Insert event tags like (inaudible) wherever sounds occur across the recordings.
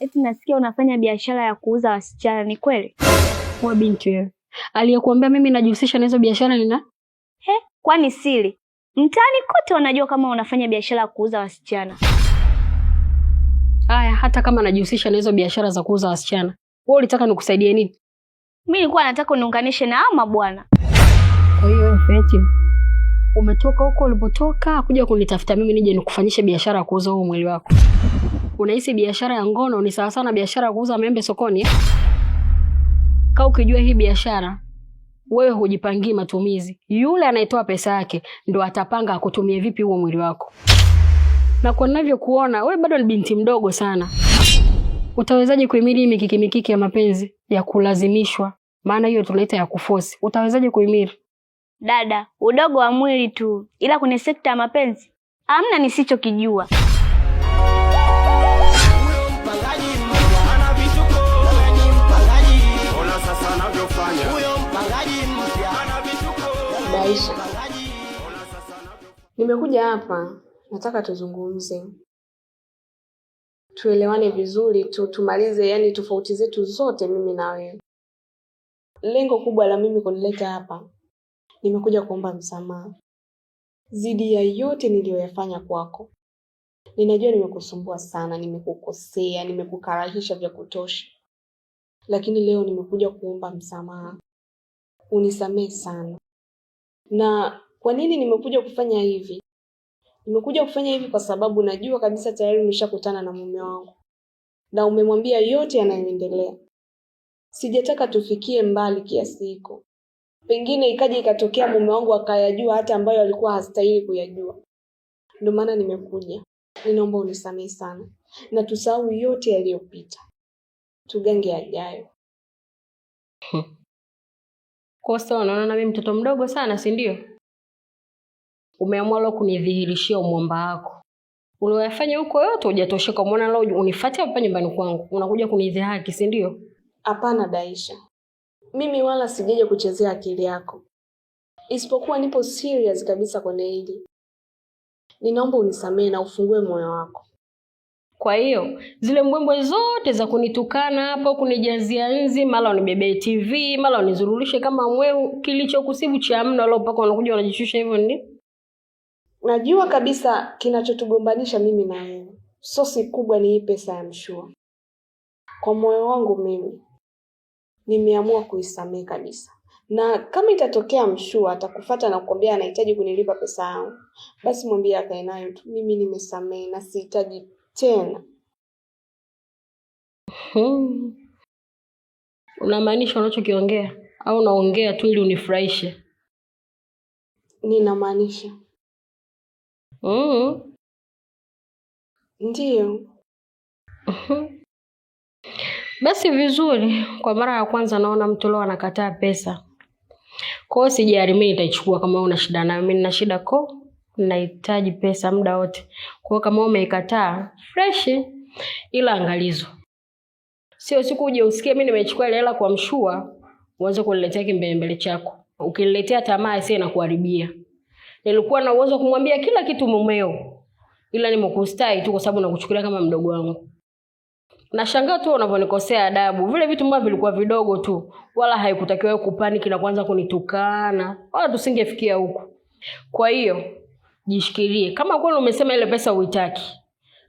Eti nasikia unafanya biashara ya kuuza wasichana, ni kweli? Wewe binti wewe, aliyekuambia mimi najihusisha na hizo biashara ni nani? He, kwani siri? Mtaani kote wanajua kama unafanya biashara ya kuuza wasichana. Haya, hata kama najihusisha na hizo biashara za kuuza wasichana, wewe ulitaka nikusaidie nini? Mimi nilikuwa nataka uniunganishe na ama bwana. Kwa hiyo Feti, umetoka huko ulipotoka kuja kunitafuta mimi nije nikufanyishe biashara ya kuuza huo mwili wako. Unahisi biashara ya ngono ni sawasawa na biashara ya kuuza maembe sokoni? Kaa ukijua hii biashara wewe hujipangii matumizi. Yule anayetoa pesa yake ndo atapanga akutumie vipi huo mwili wako, na kwa ninavyokuona wewe bado ni binti mdogo sana. Utawezaje kuhimili hii mikiki mikiki ya mapenzi ya kulazimishwa? Maana hiyo tunaita ya kufosi. Utawezaje kuhimili? Dada, udogo wa mwili tu, ila kwenye sekta ya mapenzi hamna nisichokijua. maisha. Nimekuja hapa, nataka tuzungumze, tuelewane vizuri tu, tumalize yani tofauti zetu zote, mimi na wewe. Lengo kubwa la mimi kunileta hapa, nimekuja kuomba msamaha zidi ya yote niliyoyafanya kwako. Ninajua nimekusumbua sana, nimekukosea, nimekukarahisha vya kutosha, lakini leo nimekuja kuomba msamaha, unisamehe sana. Na kwa nini nimekuja kufanya hivi? Nimekuja kufanya hivi kwa sababu najua kabisa tayari umeshakutana na mume wangu na umemwambia yote yanayoendelea. Sijataka tufikie mbali kiasi hiko, pengine ikaja ikatokea mume wangu akayajua hata ambayo alikuwa hastahili kuyajua. Ndio maana nimekuja, ninaomba unisamehe sana na tusahau yote yaliyopita, tugange yajayo. (laughs) Kosa, unaona mimi mtoto mdogo sana, si ndio? Umeamua leo kunidhihirishia umwamba wako Uliyofanya huko yote, hujatosheka. Umeona leo unifuatia hapa nyumbani kwangu, unakuja kunidhihaki, si ndio? Hapana Daisha, mimi wala sijaje kuchezea akili yako, isipokuwa nipo serious kabisa kwenye hili. Ninaomba unisamehe na ufungue moyo wako. Kwa hiyo zile mbwembwe zote za kunitukana hapo, kunijazia nzi, mara unibebee TV, mara unizurulishe kama mwehu, kilichokusibu cha mno alo mpaka unakuja unajishusha hivyo ni najua kabisa kinachotugombanisha mimi na wewe. Sosi kubwa ni hii pesa ya mshua. Kwa moyo wangu mimi nimeamua kuisamehe kabisa, na kama itatokea mshua atakufata na kukwambia anahitaji kunilipa pesa yangu, basi mwambie akae nayo tu. Mimi nimesamehe na sihitaji tena. Hmm. Unamaanisha unachokiongea au unaongea tu ili unifurahishe? Ninamaanisha mm. Ndiyo. Hmm. Basi vizuri. Kwa mara ya kwanza naona mtu leo anakataa pesa, kwa hiyo sijali, mi nitaichukua. Kama una shida nayo, mi nina shida ko nahitaji pesa muda wote. Kwa hiyo kama umeikataa fresh, ila angalizo, sio siku uje usikie mimi nimechukua ile hela kwa mshua, uanze kuniletea kimbelembele chako. Ukiniletea tamaa sie nakuharibia. Nilikuwa na uwezo kumwambia kila kitu mumeo, ila nimekustai tu kwa sababu nakuchukulia kama mdogo wangu. Nashangaa tu unavyonikosea adabu. Vile vitu mbavyo vilikuwa vidogo tu, wala haikutakiwa kupani kila kwanza kunitukana, wala tusingefikia huko. Kwa hiyo jishikirie. Kama kweli umesema ile pesa uitaki,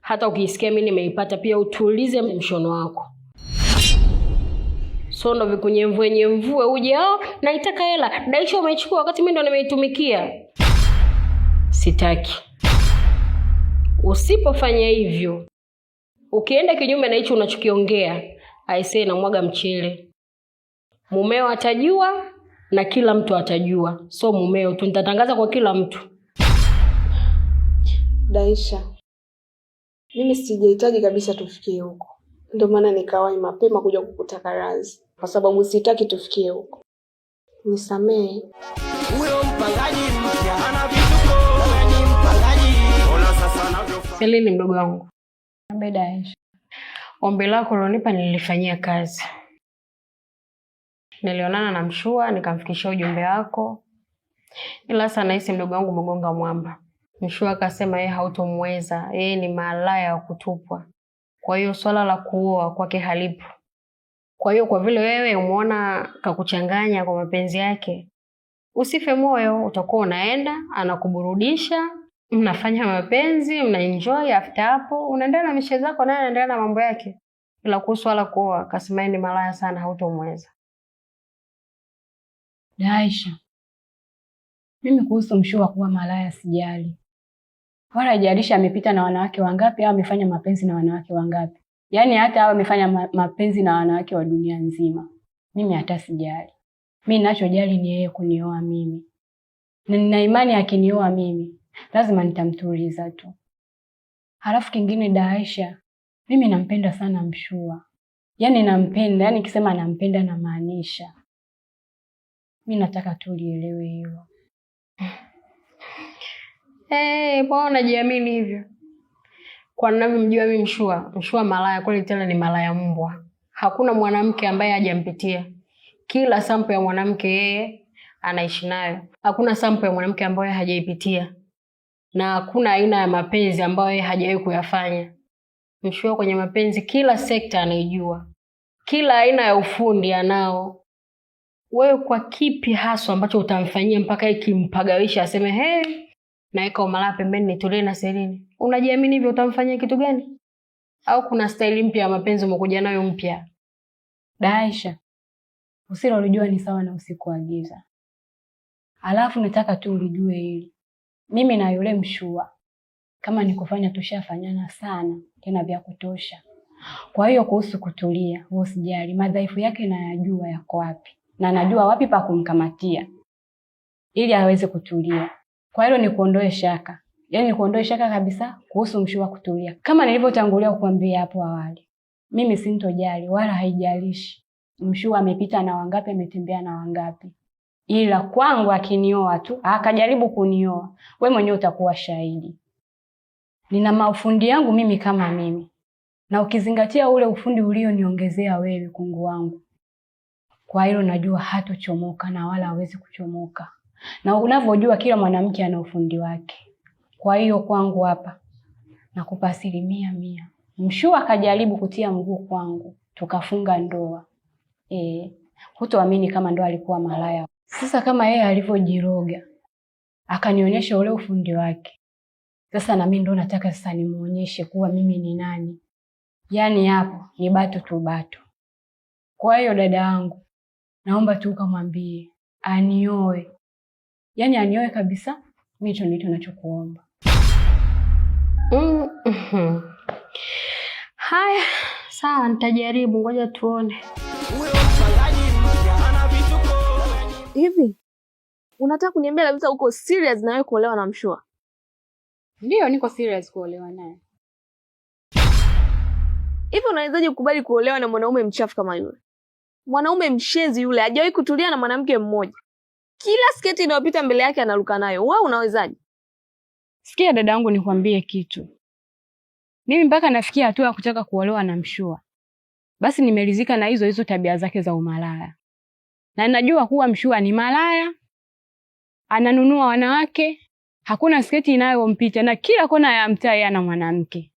hata ukiisikia mimi nimeipata pia, utulize mshono wako. So ndo vikunyemvue nyemvue uje hao, oh, naitaka hela daisha, umechukua wakati mimi ndo nimeitumikia. Sitaki. Usipofanya hivyo, ukienda kinyume na hicho unachokiongea, aisee, namwaga mchele. Mumeo atajua na kila mtu atajua. So mumeo, tutatangaza kwa kila mtu. Daisha, mimi sijahitaji kabisa tufikie huko, ndio maana nikawahi mapema kuja kukutaka radhi, kwa sababu sitaki tufikie huko. Nisamehe. Huyo mpangaji mpya ana vituko, ni mpangaji. Ona sasa anavyofanya. mdogo wangu. Ambe Daisha, ombi lako lonipa nilifanyia kazi. Nilionana na Mshua nikamfikishia ujumbe wako, ila sasa nahisi mdogo wangu mgonga mwamba Mshua akasema yeye hautomweza, yeye ni malaya wa kutupwa, kwa hiyo swala la kuoa kwake halipo. Kwa hiyo kwa vile wewe umeona kakuchanganya kwa mapenzi yake, usife moyo, utakuwa unaenda, anakuburudisha, mnafanya mapenzi, mnaenjoy. After hapo unaendelea na mishe zako, naye anaendelea na mambo yake. Ila kuhusu swala kuoa, akasema yeye ni malaya sana, hautomweza. Aisha, mimi kuhusu Mshua kuwa malaya sijali, wala haijalishi amepita na wanawake wangapi au amefanya mapenzi na wanawake wangapi. Yaani hata hao amefanya mapenzi na wanawake wa dunia nzima, mimi hata sijali. Mi ninachojali ni yeye kunioa mimi, na nina imani akinioa mimi lazima nitamtuliza tu. Halafu kingine, Daisha, mimi nampenda sana Mshua, yaani nampenda, yaani kisema nampenda namaanisha, mi nataka tulielewe hilo hey, eh, kwa unajiamini hivyo. Kwa ninavyomjua mimi Mshua, Mshua malaya kweli, tena ni malaya mbwa. Hakuna mwanamke ambaye hajampitia. Kila sampo ya mwanamke yeye anaishi nayo. Hakuna sampo ya mwanamke ambaye hajaipitia, na hakuna aina ya mapenzi ambayo yeye hajawahi kuyafanya. Mshua kwenye mapenzi, kila sekta anaijua, kila aina ya ufundi anao. Wewe kwa kipi haswa ambacho utamfanyia mpaka ikimpagawisha aseme hey naweka umalaya pembeni nitulie na Selini. Unajiamini hivyo utamfanyia kitu gani? Au kuna staili mpya ya mapenzi umekuja nayo mpya? Daisha, usiro ulijua ni sawa na usiku wa giza. Alafu nataka tu ulijue hili, mimi na yule mshua kama ni kufanya tushafanyana sana tena vya kutosha. Kwa hiyo kuhusu kutulia, wewe usijali, madhaifu yake nayajua yako wapi na najua wapi pa kumkamatia ili aweze kutulia. Kwa hilo ni kuondoe shaka, yaani ni kuondoe shaka kabisa kuhusu mshua kutulia. Kama nilivyotangulia kukwambia hapo awali, mimi sintojali wala haijalishi mshua amepita na wangapi, ametembea na wangapi, ila kwangu akinioa tu akajaribu kunioa, we mwenyewe utakuwa shahidi. Nina maufundi yangu mimi kama mimi, na ukizingatia ule ufundi ulioniongezea wewe, kungu wangu, kwa hilo najua hatochomoka na wala hawezi kuchomoka na unavyojua kila mwanamke ana ufundi wake. Kwa hiyo kwangu hapa nakupa asilimia mia. Mshua akajaribu kutia mguu kwangu, tukafunga ndoa e, hutoamini kama ndo alikuwa malaya. Sasa kama yeye alivyojiroga akanionyesha ule ufundi wake, sasa na mimi ndo nataka sasa nimuonyeshe kuwa mimi ni nani. Yaani hapo ni bato tu bato. Kwa hiyo dada yangu, naomba tu ukamwambie anioe yaani anioe kabisa. Mimi hicho ndicho ninachokuomba. mm -hmm. Haya, sawa, nitajaribu, ngoja tuone. Hivi unataka kuniambia kabisa uko serious na wewe kuolewa na Mshua? Ndiyo, niko serious kuolewa naye. Hivi unawezaje kukubali kuolewa na mwanaume mchafu kama yule? Mwanaume mshenzi yule, hajawahi kutulia na mwanamke mmoja kila sketi inayopita mbele yake analuka nayo. Wewe unawezaje? Sikia dada yangu, nikwambie kitu. Mimi mpaka nafikia hatua ya kutaka kuolewa na Mshua, basi nimeridhika na hizo hizo tabia zake za umalaya, na najua kuwa Mshua ni malaya, ananunua wanawake, hakuna sketi inayompita, na kila kona ya mtaa yana mwanamke.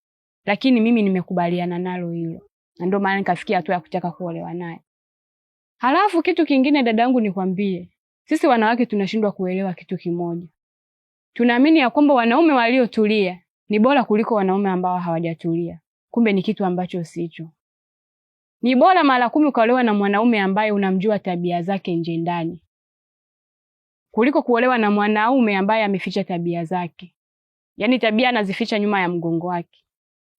Lakini mimi nimekubaliana nalo hilo, na ndio maana nikafikia hatua ya kutaka kuolewa naye. Halafu kitu kingine, dadangu, nikwambie sisi wanawake tunashindwa kuelewa kitu kimoja. Tunaamini ya kwamba wanaume waliotulia ni bora kuliko wanaume ambao hawajatulia. Kumbe ni kitu ambacho sicho. Ni bora mara kumi ukaolewa na mwanaume ambaye unamjua tabia zake nje ndani, kuliko kuolewa na mwanaume ambaye ameficha tabia zake, yaani tabia anazificha nyuma ya mgongo wake.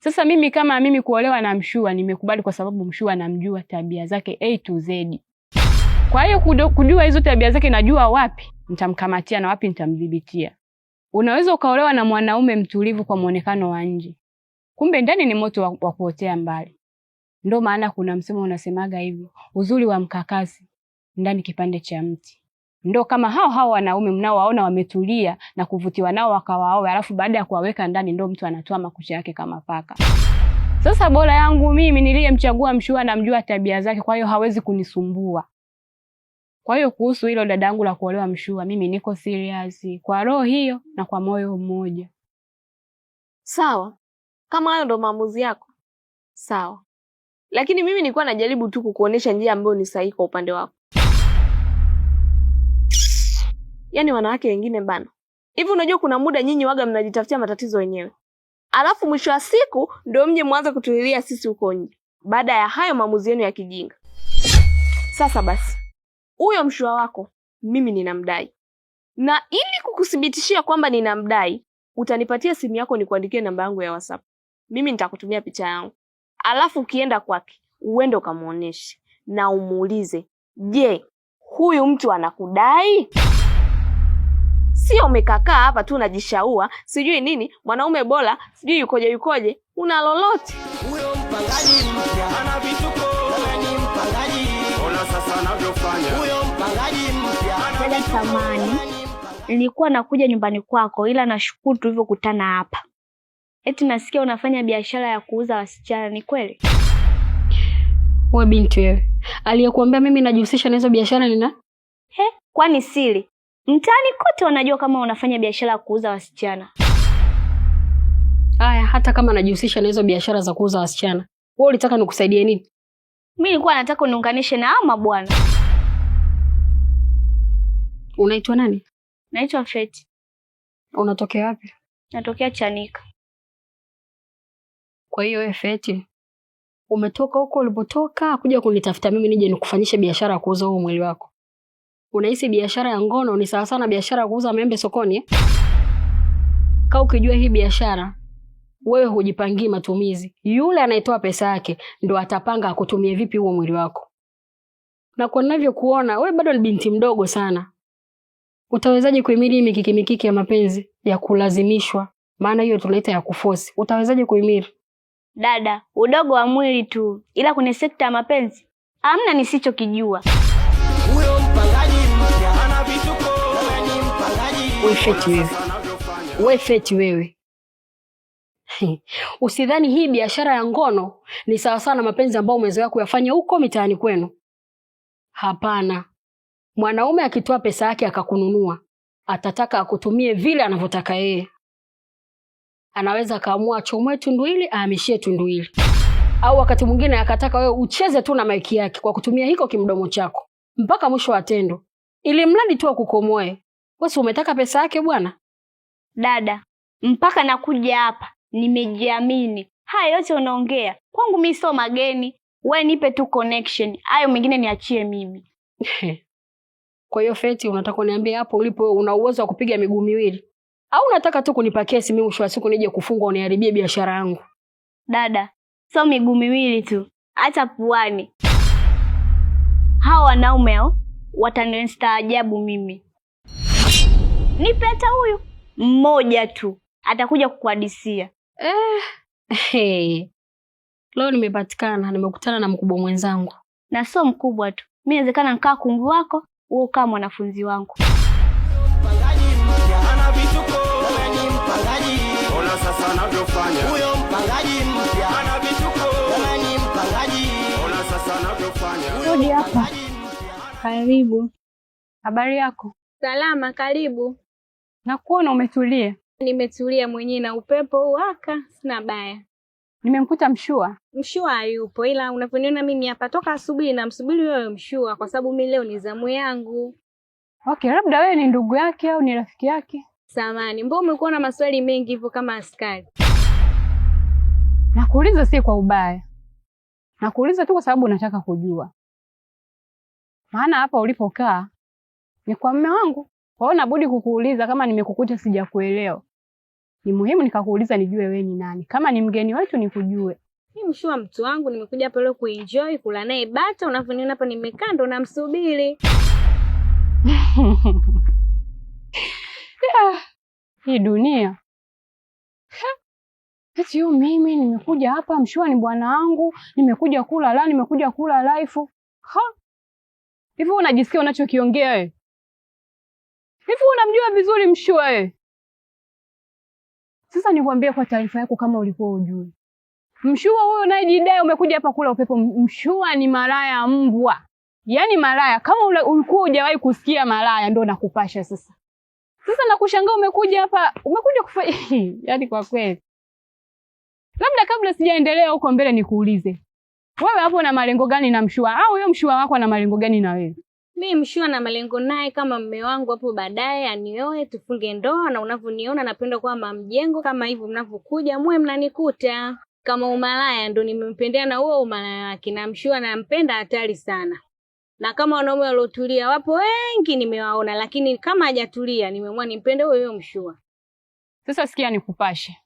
Sasa mimi kama mimi kuolewa na Mshua nimekubali, kwa sababu Mshua namjua tabia zake A to Z. Kwa hiyo kujua hizo tabia zake, najua wapi nitamkamatia na wapi nitamdhibitia. Unaweza ukaolewa na mwanaume mtulivu kwa mwonekano wa nje, kumbe ndani ni moto wa kuotea mbali. Ndio maana kuna msemo unasemaga hivyo, uzuri wa mkakasi ndani kipande cha mti. Ndio kama hao hao wanaume mnaowaona wametulia na kuvutiwa nao wakawaoa, alafu baada ya kuwaweka ndani ndio mtu anatoa makucha yake kama paka. Sasa bora yangu mimi niliyemchagua mshua, namjua tabia zake, kwa hiyo hawezi kunisumbua. Kwa hiyo kuhusu hilo dadangu la kuolewa Mshua, mimi niko serious kwa roho hiyo na kwa moyo mmoja. Sawa, kama hayo ndo maamuzi yako sawa, lakini mimi nilikuwa najaribu tu kukuonesha njia ambayo ni sahihi kwa upande wako. Yaani wanawake wengine bana hivi, unajua kuna muda nyinyi waga mnajitafutia matatizo wenyewe, alafu mwisho wa siku ndio mje mwanza kutulilia sisi huko nje, baada ya hayo maamuzi yenu ya kijinga. Sasa basi huyo mshua wako mimi ninamdai, na ili kukuthibitishia kwamba ninamdai, utanipatia simu yako nikuandikie namba yangu ya WhatsApp. Mimi nitakutumia picha yangu, alafu ukienda kwake uende ukamwonyeshe na umuulize, je, huyu mtu anakudai? Sio umekakaa hapa tu unajishaua sijui nini, mwanaume bora sijui yukoje yukoje, una lolote. Huyo mpangaji mpya ana vituko samani, nilikuwa nakuja nyumbani kwako, ila nashukuru tulivyokutana hapa. Eti nasikia unafanya biashara ya kuuza wasichana, ni kweli? We binti wewe, aliyekuambia mimi najihusisha na hizo biashara nina He, kwani siri? Mtaani kote wanajua kama unafanya biashara ya kuuza wasichana. aya hata kama najihusisha na hizo biashara za kuuza wasichana, wewe ulitaka nikusaidie nini? Mimi nilikuwa nataka uniunganishe na ama bwana Unaitwa nani? Naitwa Feti. Unatokea wapi? Natokea Chanika. Kwa hiyo wewe Feti, umetoka huko ulipotoka kuja kunitafuta mimi nije nikufanyishe biashara ya kuuza huo mwili wako. Unahisi biashara ya ngono ni sawa na biashara ya kuuza maembe sokoni Kaa ukijua hii biashara wewe hujipangii matumizi. Yule anayetoa pesa yake ndo atapanga akutumie vipi huo mwili wako. Na kwa ninavyokuona wewe bado ni binti mdogo sana, Utawezaje kuhimili mikiki mikiki ya mapenzi ya kulazimishwa? Maana hiyo tunaita ya kufosi. Utawezaje kuhimili? Dada, udogo wa mwili tu, ila kwenye sekta ya mapenzi hamna nisichokijua. Huyo mpangaji ana Wewe wewe, wewe feti wewe. (laughs) Usidhani hii biashara ya ngono ni sawasawa na mapenzi ambayo umezoea kuyafanya huko mitaani kwenu. Hapana. Mwanaume akitoa pesa yake akakununua, atataka akutumie vile anavyotaka yeye. Anaweza akaamua achomoe tundu hili ahamishie tundu hili, au wakati mwingine akataka wewe ucheze tu na maiki yake kwa kutumia hiko kimdomo chako mpaka mwisho wa tendo, ili mradi tu akukomoe. Wewe umetaka pesa yake bwana. Dada, mpaka nakuja hapa nimejiamini. Haya yote unaongea kwangu mimi sio mageni. Wewe nipe tu connection, hayo mengine niachie mimi (laughs) Kwa hiyo Feti, unataka uniambie hapo ulipo una uwezo wa kupiga miguu miwili au unataka tu kunipa kesi mimi mwisho wa siku nije kufungwa uniharibie biashara yangu? Dada, sio miguu miwili tu, hata puani. Hao wanaume watanistaajabu mimi. Nipe hata huyu mmoja tu, atakuja kukuhadisia. Eh, hey. Eh. Leo nimepatikana, nimekutana na mkubwa mwenzangu, na sio mkubwa tu, mi inawezekana nikaa kungu wako uwe kama mwanafunzi wangu. Rudi hapa. Karibu. Habari yako? Salama. Karibu. Nakuona umetulia. Nimetulia mwenyewe na upepo waka, sina baya. Nimemkuta Mshua. Mshua hayupo, ila unavyoniona mimi hapa toka asubuhi na msubiri wewe Mshua, kwa sababu mi leo ni zamu yangu. Okay, labda wewe ni ndugu yake au ni rafiki yake? Samani, mbona umekuwa na maswali mengi hivyo kama askari? Nakuuliza si kwa ubaya, nakuuliza tu kwa sababu nataka kujua, maana hapa ulipokaa ni kwa mme wangu, kwa hiyo nabudi kukuuliza kama nimekukuta sijakuelewa ni muhimu nikakuuliza nijue wewe ni nani, kama ni mgeni wetu nikujue. Mimi mshua mtu wangu, nimekuja hapa leo kuenjoy, kula naye bata. Unavyoniona hapa nimekaa ndo namsubiri. (laughs) Yeah, hii dunia eti yo, mimi nimekuja hapa, mshua ni bwana wangu, nimekuja kula la, nimekuja kula life. Ha, hivyo unajisikia unachokiongea wewe? Hivyo unamjua vizuri mshua wewe? Sasa nikwambie kwa taarifa yako, kama ulikuwa ujui, mshua huyu unayejidai umekuja hapa kula upepo, mshua ni malaya mbwa, yaani malaya kama ulikuwa hujawahi kusikia malaya, ndio nakupasha sasa. Sasa nakushangaa umekuja hapa, umekuja kufanya (laughs) yaani kwa kweli, labda kabla sijaendelea huko mbele nikuulize wewe hapo na malengo gani na mshua au huyo mshua wako ana malengo gani na wewe? mi mshua na malengo naye kama mme wangu hapo baadaye anioe tufunge ndoa, na unavyoniona napenda kuwa mamjengo kama hivyo mnavyokuja muwe mnanikuta kama umalaya, ndo nimempendea na huo umalaya wake, na mshua nampenda hatari sana. Na kama wanaume waliotulia wapo wengi nimewaona, lakini kama hajatulia nimeamua nimpende huyo huyo mshua. Sasa sikia, nikupashe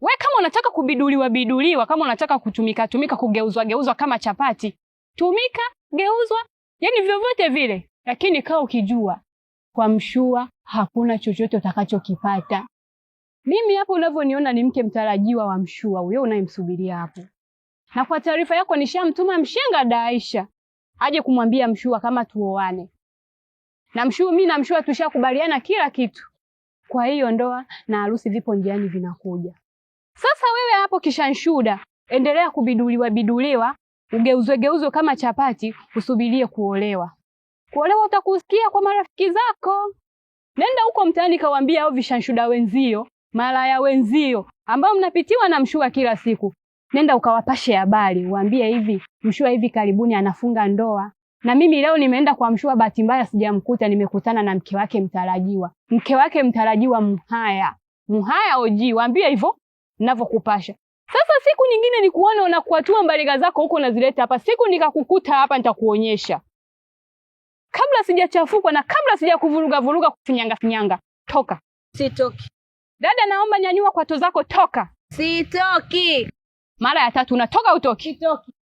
we, kama unataka kubiduliwa biduliwa, kama unataka kutumika tumika, kugeuzwa geuzwa kama chapati, tumika geuzwa yaani vyovyote vile, lakini kaa ukijua kwa mshua hakuna chochote utakachokipata. Mimi hapo unavyoniona ni mke mtarajiwa wa mshua huyo unayemsubiria hapo, na kwa taarifa yako nishamtuma mshenga Daisha aje kumwambia mshua kama tuoane na mshua. Mimi na mshua tushakubaliana kila kitu, kwa hiyo ndoa na harusi vipo njiani vinakuja. Sasa wewe hapo kishanshuda, endelea kubiduliwa biduliwa ugeuzwegeuzwe kama chapati, usubirie kuolewa. Kuolewa utakusikia kwa marafiki zako. Nenda huko mtaani kawaambia hao vishanshuda wenzio, malaya wenzio ambao mnapitiwa na mshua kila siku. Nenda ukawapashe habari, uambie hivi, mshua hivi karibuni anafunga ndoa. Na mimi leo nimeenda kwa mshua, bahati mbaya sijamkuta, nimekutana na mke wake mtarajiwa. Mke wake mtarajiwa Mhaya. Mhaya oji, waambie hivyo ninavyokupasha. Sasa siku nyingine nikuone unakuatua mbariga zako huko unazileta hapa, siku nikakukuta hapa nitakuonyesha. Kabla sijachafukwa na kabla sijakuvuruga vuruga kufinyanga finyanga, toka. Sitoki. Dada, naomba nyanyua kwato zako, toka. Sitoki. Mara ya tatu unatoka, utoki. Sitoki.